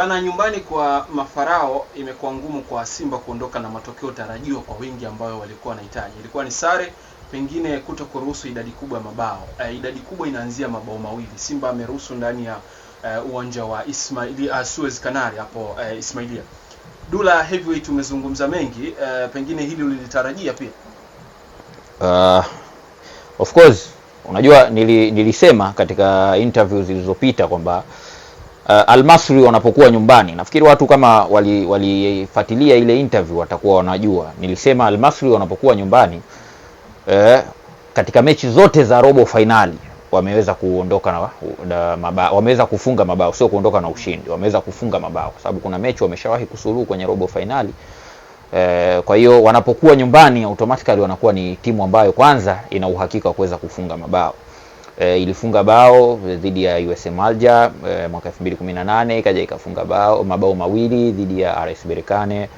Bana, nyumbani kwa mafarao imekuwa ngumu kwa Simba kuondoka na matokeo tarajiwa kwa wingi ambayo walikuwa wanahitaji. Ilikuwa ni sare, pengine kuto kuruhusu idadi kubwa ya mabao. E, idadi kubwa inaanzia mabao mawili. Simba ameruhusu ndani ya e, uwanja wa Ismaili, uh, Suez Canal hapo e, Ismailia. Dula Heavyweight, umezungumza mengi e, pengine hili ulilitarajia pia? Uh, of course unajua nilisema katika interview zilizopita kwamba uh, Almasri wanapokuwa nyumbani. Nafikiri watu kama walifuatilia wali ile interview watakuwa wanajua nilisema Almasri wanapokuwa nyumbani eh, katika mechi zote za robo fainali wameweza kuondoka na, na mabao, wameweza kufunga mabao, sio kuondoka na ushindi, wameweza kufunga mabao kwa sababu kuna mechi wameshawahi kusuluhu kwenye robo fainali. e. Eh, kwa hiyo wanapokuwa nyumbani automatically wanakuwa ni timu ambayo kwanza ina uhakika wa kuweza kufunga mabao e, ilifunga bao eh, dhidi ya USM Alger e, mwaka 2018 ikaja ikafunga bao mabao mawili dhidi ya RS Berkane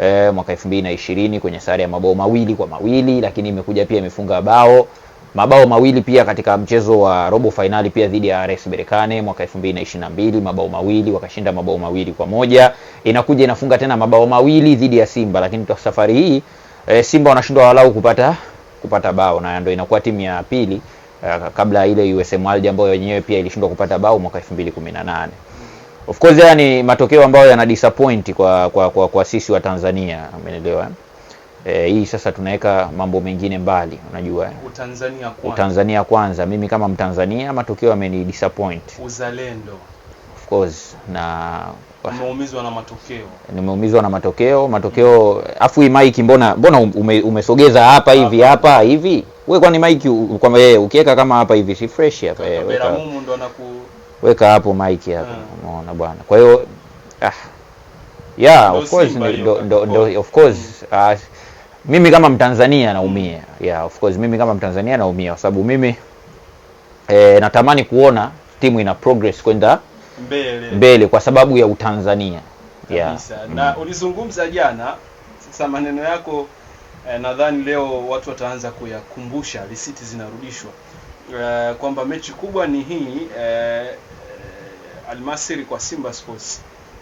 e, mwaka 2020 kwenye sare ya mabao mawili kwa mawili, lakini imekuja pia imefunga bao mabao mawili pia katika mchezo wa robo fainali pia dhidi ya RS Berkane mwaka 2022 mabao mawili wakashinda mabao mawili kwa moja. Inakuja inafunga tena mabao mawili dhidi ya Simba, lakini kwa safari hii e, Simba wanashindwa walau kupata kupata bao na ndio inakuwa timu ya pili Eh, kabla ile USM Alger ambayo wenyewe pia ilishindwa kupata bao mwaka 2018. Of course haya ni matokeo ambayo yana disappoint kwa, kwa, kwa, kwa sisi wa Tanzania umeelewa. E, hii sasa tunaweka mambo mengine mbali, unajua Utanzania kwanza. Utanzania kwanza, mimi kama Mtanzania matokeo yameni disappoint. Uzalendo of course na nimeumizwa na matokeo, nimeumizwa na matokeo matokeo, afu hii mike, mbona mbona umesogeza hapa hivi hapa hivi wewe kwani maiki kwamba yeye ukiweka kama hapa hivi si fresh hapa yeye eh, weka mumu ndo anaku weka hapo mic hapo mm. unaona bwana. Kwa hiyo ah yeah of course ndo, ndo, ndo, of course uh, mimi kama Mtanzania naumia. Mm. Yeah of course mimi kama Mtanzania naumia kwa sababu mimi eh, natamani kuona timu ina progress kwenda mbele mbele kwa sababu ya Utanzania. Yeah. Kabisa. Na ulizungumza jana sasa maneno yako e, nadhani leo watu wataanza kuyakumbusha, risiti zinarudishwa e, kwamba mechi kubwa ni hii e, eh, Almasiri kwa Simba Sports.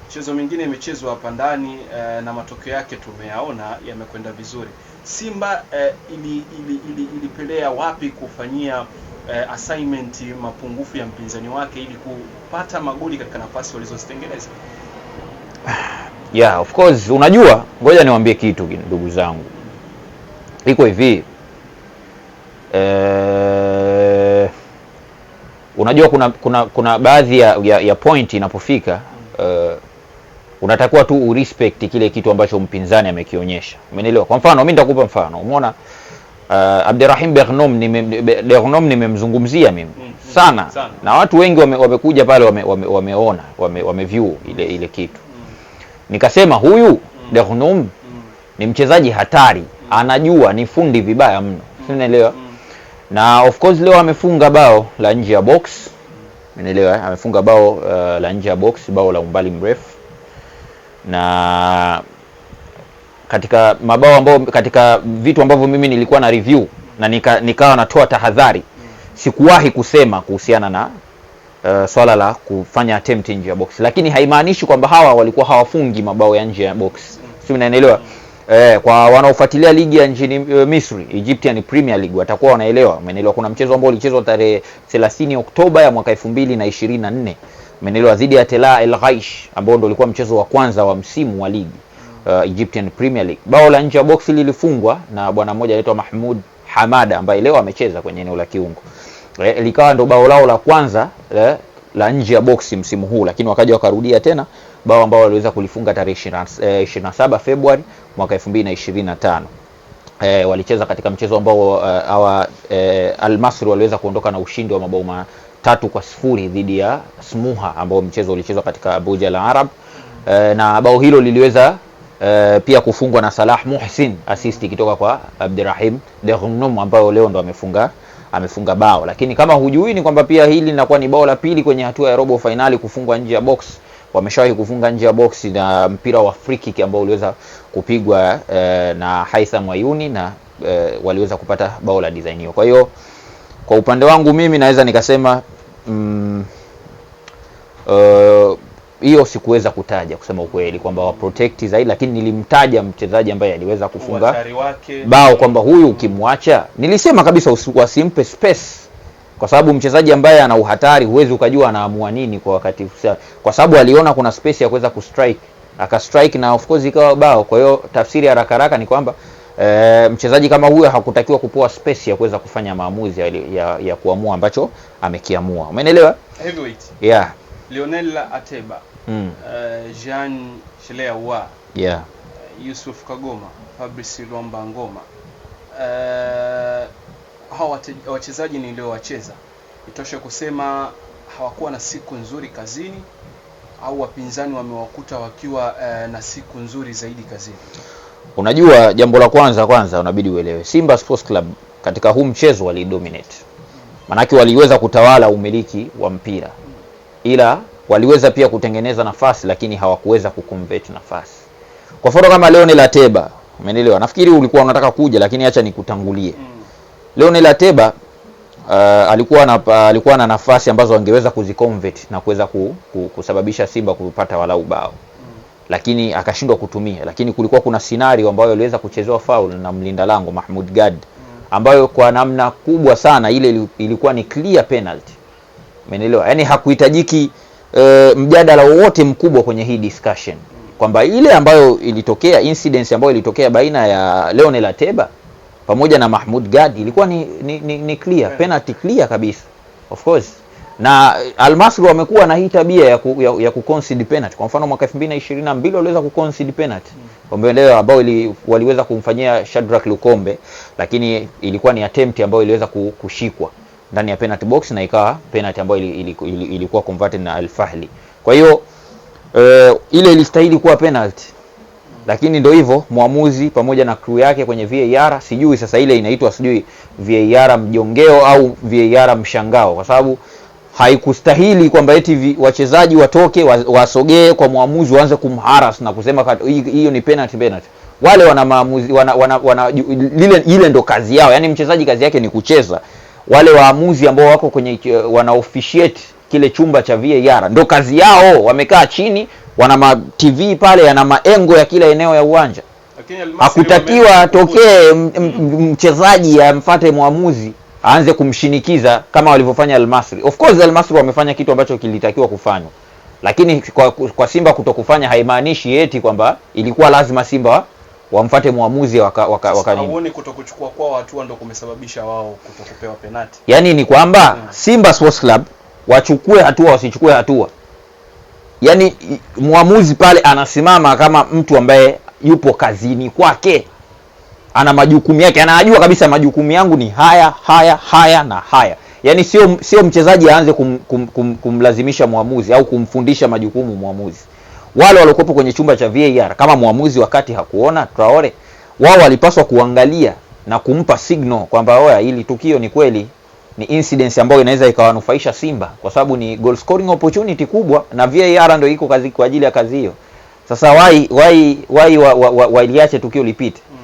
Michezo mingine imechezwa hapa ndani e, na matokeo yake tumeyaona yamekwenda vizuri. Simba e, ili, ili, ili, ilipelea wapi kufanyia e, assignment mapungufu ya mpinzani wake ili kupata magoli katika nafasi walizozitengeneza? Yeah, of course, unajua, ngoja niwaambie kitu ndugu zangu iko hivi e, unajua kuna kuna kuna baadhi ya, ya, ya point inapofika e, unatakiwa tu urespect kile kitu ambacho mpinzani amekionyesha, umeelewa? Kwa mfano mimi nitakupa mfano, umeona uh, eh, Abderrahim Bernom Bernom nimemzungumzia mimi mm, mm, sana, sana na watu wengi wame, wamekuja pale wame, wame, wameona wame, wame view ile ile kitu mm. Nikasema huyu mm. Bernom mm. ni mchezaji hatari anajua ni fundi vibaya mno, unaelewa mm. na of course leo amefunga bao la nje ya box, unaelewa eh? amefunga bao uh, la nje ya box, bao la umbali mrefu na katika mabao ambayo katika vitu ambavyo mimi nilikuwa na review na nikawa nika natoa tahadhari, sikuwahi kusema kuhusiana na uh, swala la kufanya attempt nje ya box, lakini haimaanishi kwamba hawa walikuwa hawafungi mabao ya nje ya box, si unaelewa? Eh, kwa wanaofuatilia ligi ya nchini uh, Misri, Egyptian Premier League watakuwa wanaelewa. Umeelewa, kuna mchezo ambao ulichezwa tarehe 30 Oktoba ya mwaka 2024. Umeelewa, dhidi ya Tela El Gaish ambao ndio ulikuwa mchezo wa kwanza wa msimu wa ligi uh, Egyptian Premier League. Bao la nje ya box lilifungwa na bwana mmoja anaitwa Mahmoud Hamada ambaye leo amecheza kwenye eneo la kiungo. Eh, likawa ndio bao lao la kwanza eh, la nje ya box msimu huu, lakini wakaja wakarudia tena bao ambao waliweza kulifunga tarehe 27 eh, Februari mwaka 2025. E, eh, walicheza katika mchezo ambao eh, hawa e, Al-Masri waliweza kuondoka na ushindi wa mabao matatu kwa sifuri dhidi ya Smuha ambao mchezo ulichezwa katika Abuja la Arab e, na bao hilo liliweza e, pia kufungwa na Salah Muhsin assist kutoka kwa Abdirahim Deghnum ambayo leo ndo amefunga amefunga bao, lakini kama hujui ni kwamba pia hili linakuwa ni bao la pili kwenye hatua ya robo fainali kufungwa nje ya box wameshawahi kufunga nje ya boksi na mpira wa free kick ambao uliweza kupigwa eh, na Haitham Ayuni na eh, waliweza kupata bao la design hiyo. Kwa hiyo kwa upande wangu mimi naweza nikasema mm, uh, hiyo sikuweza kutaja kusema ukweli kwamba wa protect zaidi, lakini nilimtaja mchezaji ambaye aliweza kufunga bao kwamba huyu ukimwacha, nilisema kabisa usi, wasimpe space kwa sababu mchezaji ambaye ana uhatari huwezi ukajua anaamua nini kwa wakati, kwa sababu aliona kuna space ya kuweza kustrike strike na of course ikawa bao. Kwa hiyo tafsiri haraka haraka ni kwamba e, mchezaji kama huyo hakutakiwa kupewa space ya kuweza kufanya maamuzi ya, ya, ya kuamua ambacho amekiamua. Umeelewa? Heavyweight yeah, Lionel Ateba mm. Uh, Jean Chelea wa yeah, eh, Yusuf Kagoma, Fabrice Lwamba Ngoma uh, hawa wachezaji niliowacheza, itoshe kusema hawakuwa na siku nzuri kazini au wapinzani wamewakuta wakiwa e, na siku nzuri zaidi kazini. Unajua, jambo la kwanza kwanza unabidi uelewe Simba Sports Club katika huu mchezo walidominate, maanake waliweza kutawala umiliki wa mpira, ila waliweza pia kutengeneza nafasi, lakini hawakuweza kuconvert nafasi. Kwa mfano kama leo Lateba, umenielewa? Nafikiri ulikuwa unataka kuja, lakini acha nikutangulie mm. Leonel Ateba uh, alikuwa na, alikuwa na nafasi ambazo angeweza kuziconvert na kuweza ku, ku, kusababisha Simba kupata walau bao lakini akashindwa kutumia, lakini kulikuwa kuna scenario ambayo aliweza kuchezewa faul na mlinda lango Mahmud Gad ambayo kwa namna kubwa sana ile ilikuwa ni clear penalty. Umeelewa? Yaani hakuhitajiki e, mjadala wowote mkubwa kwenye hii discussion kwamba ile ambayo ilitokea incidence ambayo ilitokea baina ya Leonel Ateba pamoja na Mahmud Gadi ilikuwa ni, ni, ni, ni clear penalty clear kabisa of course, na Almasri wamekuwa na hii tabia ya, ku, ya, ya kuconcede penalty. Kwa mfano mwaka 2022 waliweza kuconcede penalty wameelewa, mm. ambao waliweza kumfanyia Shadrack Lukombe, lakini ilikuwa ni attempt ambayo iliweza kushikwa ndani ya penalty box na ikawa penalty ambayo ilikuwa converted na Al Fahli. Kwa hiyo uh, ile ilistahili kuwa penalty lakini ndio hivyo mwamuzi pamoja na crew yake kwenye VAR, sijui sasa ile inaitwa sijui VAR mjongeo au VAR mshangao, kwa sababu haikustahili kwamba eti wachezaji watoke wasogee kwa mwamuzi waanze kumharas na kusema hiyo ni penalty penalty. Wale wana maamuzi wana, wana, wana lile ile ndo kazi yao, yani mchezaji kazi yake ni kucheza. Wale waamuzi ambao wako kwenye eh, wana officiate kile chumba cha VAR ndo kazi yao, wamekaa chini wana ma TV pale yana maengo ya kila eneo ya uwanja. Hakutakiwa atokee mchezaji amfate mwamuzi aanze kumshinikiza kama walivyofanya Almasri. Of course Almasri wamefanya kitu ambacho kilitakiwa kufanywa, lakini kwa, kwa Simba kutokufanya haimaanishi eti kwamba ilikuwa lazima Simba wamfate mwamuzi waka, waka, waka nini. Hauoni kutokuchukua kwao hatua kumesababisha wao kutokupewa penati? Yaani ni kwamba hmm, Simba Sports Club wachukue hatua wasichukue hatua yani mwamuzi pale anasimama kama mtu ambaye yupo kazini kwake, ana majukumu yake, anajua kabisa majukumu yangu ni haya haya haya na haya. Yani sio sio mchezaji aanze kum, kum, kum, kumlazimisha mwamuzi au kumfundisha majukumu mwamuzi. Wale waliokuwepo kwenye chumba cha VAR kama mwamuzi wakati hakuona Traore, wao walipaswa kuangalia na kumpa signal kwamba oya, ili tukio ni kweli ni incidence ambayo inaweza ikawanufaisha Simba kwa sababu ni goal scoring opportunity kubwa, na VAR ndio iko kazi kwa ajili ya kazi hiyo. Sasa wai wai wai waliache tukio lipite. Mm.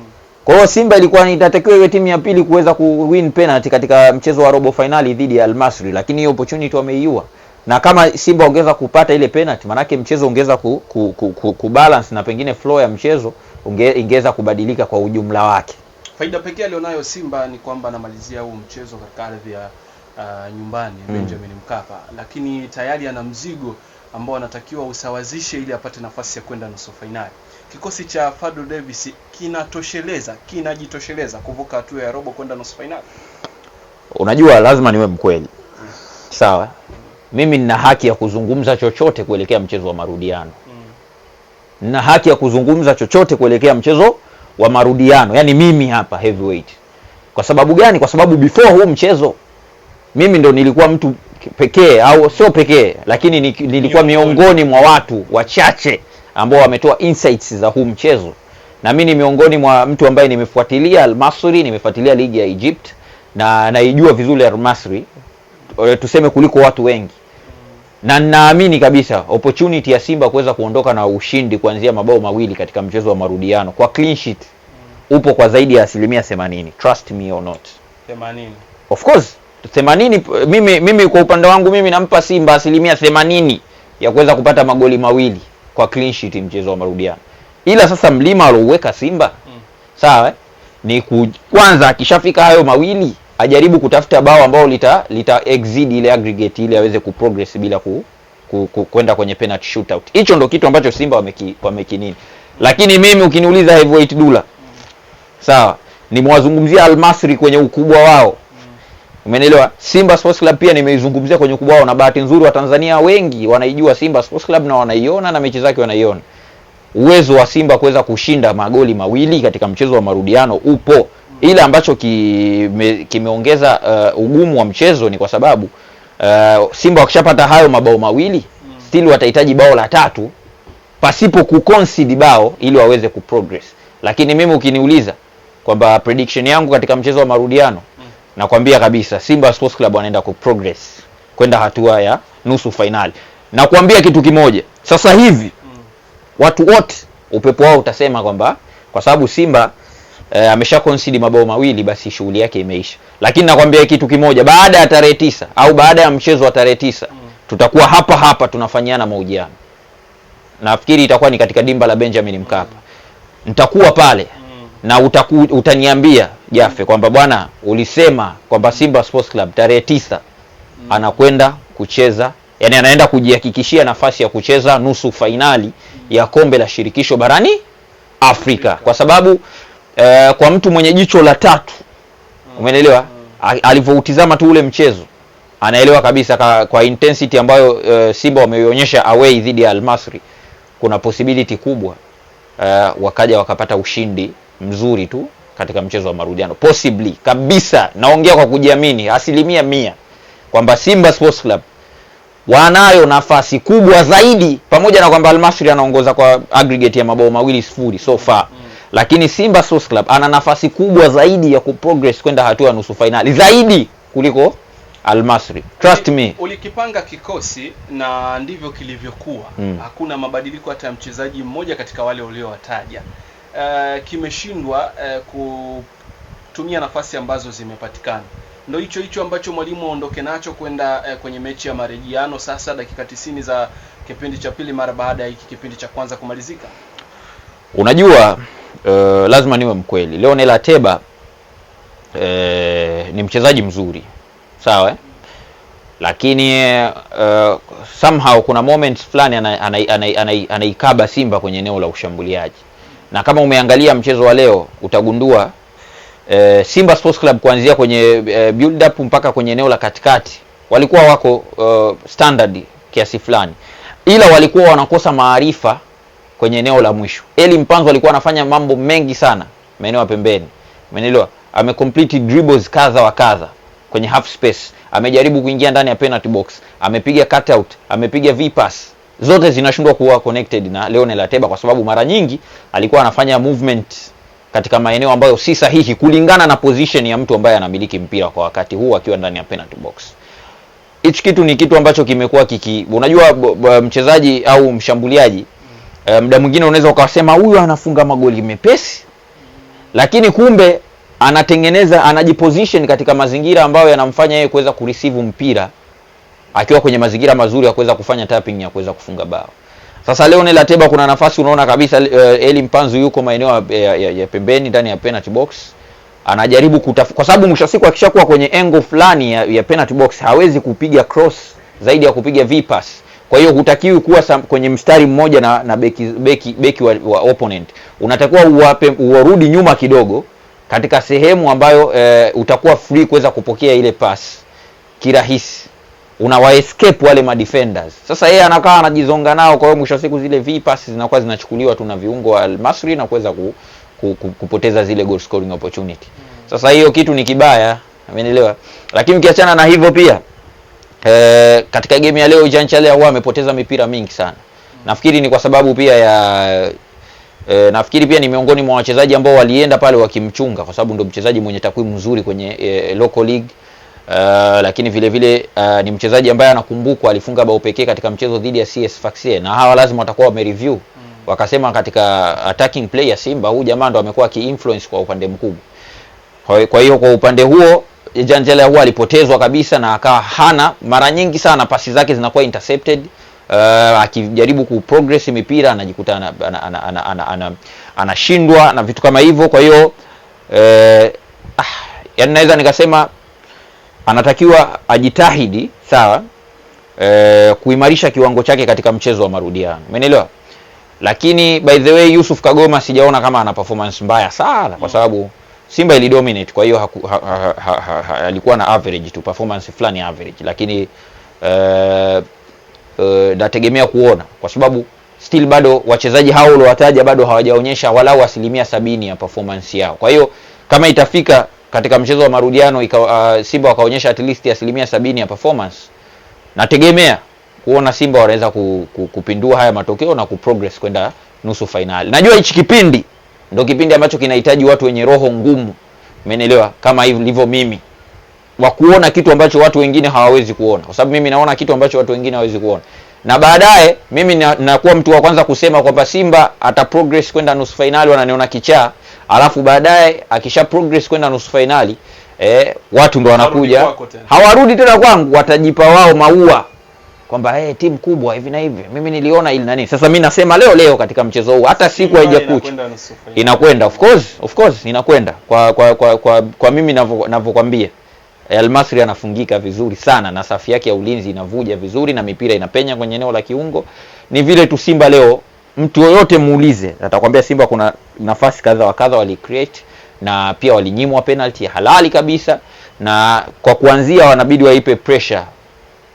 Kwa hiyo Simba ilikuwa inatakiwa iwe timu ya pili kuweza kuwin penalty katika mchezo wa robo finali dhidi ya Al-Masri, lakini hiyo opportunity wameiua. Na kama Simba ongeza kupata ile penalty, maanake mchezo ongeza ku, ku, ku, ku, ku balance na pengine flow ya mchezo ingeweza kubadilika kwa ujumla wake. Faida pekee alionayo Simba ni kwamba anamalizia huu mchezo katika ardhi ya uh, nyumbani mm. Benjamin Mkapa, lakini tayari ana mzigo ambao anatakiwa usawazishe ili apate nafasi ya kwenda nusu fainali. Kikosi cha Fadlu Davis kinatosheleza, kinajitosheleza kuvuka hatua ya robo kwenda nusu fainali. Unajua, lazima niwe mkweli mm. Sawa Mimi nina haki ya kuzungumza chochote kuelekea mchezo wa marudiano mm. Nina haki ya kuzungumza chochote kuelekea mchezo wa marudiano, yani mimi hapa Heavyweight. Kwa sababu gani? Kwa sababu before huu mchezo mimi ndo nilikuwa mtu pekee au sio pekee, lakini nilikuwa miongoni mwa watu wachache ambao wametoa insights za huu mchezo, na mimi ni miongoni mwa mtu ambaye nimefuatilia al nimefuatilia ligi ya Egypt na naijua vizuri al tuseme kuliko watu wengi na ninaamini kabisa opportunity ya Simba kuweza kuondoka na ushindi kuanzia mabao mawili katika mchezo wa marudiano kwa clean sheet mm. upo kwa zaidi ya asilimia 80. Trust me or not, 80 of course 80. Mimi, mimi kwa upande wangu mimi nampa Simba asilimia 80 ya kuweza kupata magoli mawili kwa clean sheet mchezo wa marudiano, ila sasa mlima alouweka Simba mm. sawa ni kwanza akishafika hayo mawili ajaribu kutafuta bao ambao lita, lita exceed ile aggregate ili aweze kuprogress bila ku, ku, ku, kwenda kwenye penalty shootout. Hicho ndo kitu ambacho Simba wameki wameki nini. Lakini mimi ukiniuliza Heavyweight Dula, sawa, nimewazungumzia Almasri kwenye ukubwa wao. Umenielewa? Simba Sports Club pia nimeizungumzia kwenye ukubwa wao, na bahati nzuri Watanzania wengi wanaijua Simba Sports Club na wanaiona na mechi zake wanaiona. Uwezo wa Simba kuweza kushinda magoli mawili katika mchezo wa marudiano upo. Ile ambacho kimeongeza ki uh, ugumu wa mchezo ni kwa sababu uh, Simba wakishapata hayo mabao mawili mm. still watahitaji bao la tatu pasipo kuconcede bao ili waweze kuprogress, lakini mimi ukiniuliza kwamba prediction yangu katika mchezo wa marudiano mm. nakwambia kabisa Simba Sports Club wanaenda kuprogress kwenda hatua ya nusu fainali. Nakwambia kitu kimoja sasa hivi mm. watu wote upepo wao utasema kwamba kwa sababu Simba eh, amesha concede mabao mawili, basi shughuli yake imeisha. Lakini nakwambia kitu kimoja, baada ya tarehe tisa au baada ya mchezo wa tarehe tisa mm. tutakuwa hapa hapa tunafanyiana mahojiano, nafikiri itakuwa ni katika dimba la Benjamin Mkapa mm. nitakuwa pale mm. na utaku, utaniambia jafe kwamba bwana, ulisema kwamba Simba Sports Club tarehe tisa anakwenda kucheza yani anaenda kujihakikishia nafasi ya kucheza nusu fainali ya kombe la shirikisho barani Afrika. Kwa sababu e, kwa mtu mwenye jicho la tatu mm. Umeelewa mm. Alivyoutizama tu ule mchezo anaelewa kabisa ka, kwa intensity ambayo e, Simba wameionyesha away dhidi ya Almasri kuna possibility kubwa e, wakaja wakapata ushindi mzuri tu katika mchezo wa marudiano possibly kabisa, naongea kwa kujiamini asilimia mia kwamba Simba Sports Club wanayo nafasi kubwa zaidi, pamoja na kwamba Almasri anaongoza kwa aggregate ya mabao mawili sifuri so far lakini Simba Sports Club ana nafasi kubwa zaidi ya kuprogress kwenda hatua ya nusu fainali zaidi kuliko Almasri. Trust me. Ulikipanga kikosi na ndivyo kilivyokuwa. Mm. Hakuna mabadiliko hata ya mchezaji mmoja katika wale uliowataja. Uh, kimeshindwa uh, kutumia nafasi ambazo zimepatikana. Ndio hicho hicho ambacho mwalimu aondoke nacho kwenda uh, kwenye mechi ya marejiano sasa dakika tisini za kipindi cha pili mara baada ya hiki kipindi cha kwanza kumalizika. Unajua uh, lazima niwe mkweli. Leonel Ateba uh, eh, ni mchezaji mzuri sawa eh? Lakini uh, somehow kuna moments fulani anaikaba Simba kwenye eneo la ushambuliaji, na kama umeangalia mchezo wa leo utagundua uh, Simba Sports Club kuanzia kwenye uh, build up mpaka kwenye eneo la katikati walikuwa wako uh, standard kiasi fulani, ila walikuwa wanakosa maarifa kwenye eneo la mwisho. Eli Mpanzo alikuwa anafanya mambo mengi sana maeneo ya pembeni, umeelewa? Amecomplete dribbles kadha wa kadha kwenye half space, amejaribu kuingia ndani ya penalty box, amepiga cut out, amepiga v pass, zote zinashindwa kuwa connected na Leonel Ateba kwa sababu mara nyingi alikuwa anafanya movement katika maeneo ambayo si sahihi kulingana na position ya mtu ambaye anamiliki mpira kwa wakati huu akiwa ndani ya penalty box. Hichi kitu ni kitu ambacho kimekuwa kiki, unajua mchezaji au mshambuliaji e, eh, mda mwingine unaweza ukasema huyu anafunga magoli mepesi, lakini kumbe anatengeneza anajiposition katika mazingira ambayo yanamfanya yeye kuweza kureceive mpira akiwa kwenye mazingira mazuri ya kuweza kufanya tapping ya kuweza kufunga bao. Sasa leo ni lateba kuna nafasi unaona kabisa uh, Eli Mpanzu yuko maeneo ya, ya, ya, ya pembeni ndani ya penalty box anajaribu kutaf... kwa sababu mwisho siku akishakuwa kwenye engo fulani ya, ya penalty box hawezi kupiga cross zaidi ya kupiga v-pass. Kwa hiyo hutakiwi kuwa sam, kwenye mstari mmoja na, na beki, beki, beki wa, wa opponent. Unatakiwa uwape uwarudi nyuma kidogo katika sehemu ambayo e, utakuwa free kuweza kupokea ile pass kirahisi unawa escape wale madefenders. Sasa yeye anakaa anajizonga nao, kwa hiyo mwisho wa siku zile v pass zinakuwa zinachukuliwa tu na viungo wa Al-Masri na kuweza ku, ku, ku, kupoteza zile goal scoring opportunity. Hmm. Sasa hiyo kitu ni kibaya, amenielewa. Lakini ukiachana na hivyo pia E, katika game ya leo Jean Charles Ahoua amepoteza mipira mingi sana. Nafikiri ni kwa sababu pia ya e, nafikiri pia ni miongoni mwa wachezaji ambao walienda pale wakimchunga kwa sababu ndio mchezaji mwenye takwimu nzuri kwenye e, local league. Uh, lakini vile vile uh, ni mchezaji ambaye anakumbukwa alifunga bao pekee katika mchezo dhidi ya CS Faxe na hawa lazima watakuwa wamereview mm. Wakasema katika attacking player Simba huyu jamaa ndo amekuwa ki influence kwa upande mkubwa. kwa hiyo kwa upande huo Janjela huwa alipotezwa kabisa na akawa hana mara nyingi sana pasi zake zinakuwa intercepted. Uh, akijaribu kuprogress mipira anajikuta anashindwa na vitu kama hivyo. Kwa hiyo eh, ah, yani naweza nikasema anatakiwa ajitahidi sawa, uh, kuimarisha kiwango chake katika mchezo wa marudiano, umeelewa? Lakini by the way Yusuf Kagoma sijaona kama ana performance mbaya sana kwa mm. sababu Simba ili dominate, kwa hiyo alikuwa ha, ha, ha, ha, na average tu performance fulani average, lakini eh, eh, nategemea uh, uh, kuona kwa sababu still bado wachezaji hao uliowataja bado hawajaonyesha walau asilimia sabini ya performance yao. Kwa hiyo kama itafika katika mchezo wa marudiano ika, uh, Simba wakaonyesha at least asilimia sabini ya performance, nategemea kuona Simba wanaweza ku, ku, kupindua haya matokeo na kuprogress kwenda nusu fainali. Najua hichi kipindi ndo kipindi ambacho kinahitaji watu wenye roho ngumu, umeelewa kama ilivyo mimi, wa kuona kitu ambacho watu wengine hawawezi kuona, kwa sababu mimi naona kitu ambacho watu wengine hawawezi kuona. Na baadaye mimi nakuwa na mtu wa kwanza kusema kwamba Simba ata progress kwenda nusu fainali, wananiona kichaa, alafu baadaye akisha progress kwenda nusu fainali eh, watu ndo wanakuja hawarudi tena kwangu, watajipa wao maua kwamba hey, eh, timu kubwa hivi na hivi, mimi niliona ili nani. Sasa mimi nasema leo leo katika mchezo huu hata siku haijakucha inakwenda, of course of course inakwenda kwa kwa kwa, kwa, kwa mimi ninavyokwambia almasri anafungika vizuri sana na safi yake ya ulinzi inavuja vizuri na mipira inapenya kwenye eneo la kiungo. Ni vile tu Simba leo, mtu yoyote muulize atakwambia Simba kuna nafasi kadha wa kadha wali create na pia walinyimwa penalty halali kabisa, na kwa kuanzia wanabidi waipe pressure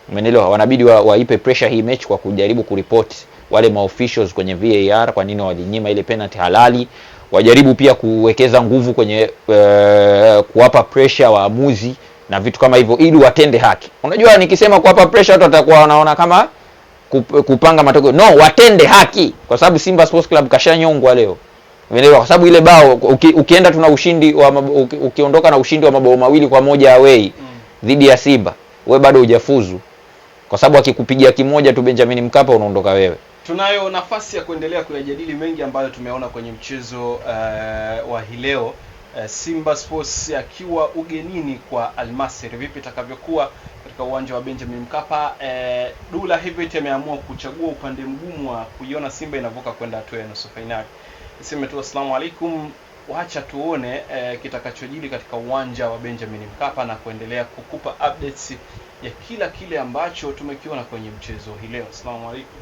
Umeelewa? Wanabidi wa, waipe pressure hii mechi kwa kujaribu kuripot wale maofficials kwenye VAR kwa nini walinyima ile penalty halali. Wajaribu pia kuwekeza nguvu kwenye uh, kuwapa pressure waamuzi na vitu kama hivyo ili watende haki. Unajua nikisema kuwapa pressure watu watakuwa wanaona kama kupanga matokeo. No, watende haki kwa sababu Simba Sports Club kashanyongwa leo. Umeelewa? Kwa sababu ile bao uki, ukienda tuna ushindi wa uki, ukiondoka na ushindi wa mabao mawili kwa moja away mm. dhidi ya Simba, we bado hujafuzu kwa sababu akikupigia kimoja tu Benjamin Mkapa unaondoka wewe. Tunayo nafasi ya kuendelea kuyajadili mengi ambayo tumeona kwenye mchezo uh, wa hii leo uh, Simba Sports akiwa ugenini kwa Almasri, vipi itakavyokuwa katika uwanja wa Benjamin Mkapa. Uh, Dula Heavyweight ameamua kuchagua upande mgumu wa kuiona Simba inavuka kwenda hatua ya nusu fainali. Niseme tu asalamu alaikum, wacha tuone uh, kitakachojili katika uwanja wa Benjamin Mkapa na kuendelea kukupa updates ya kila kile ambacho tumekiona kwenye mchezo hii leo. Asalamu alaykum.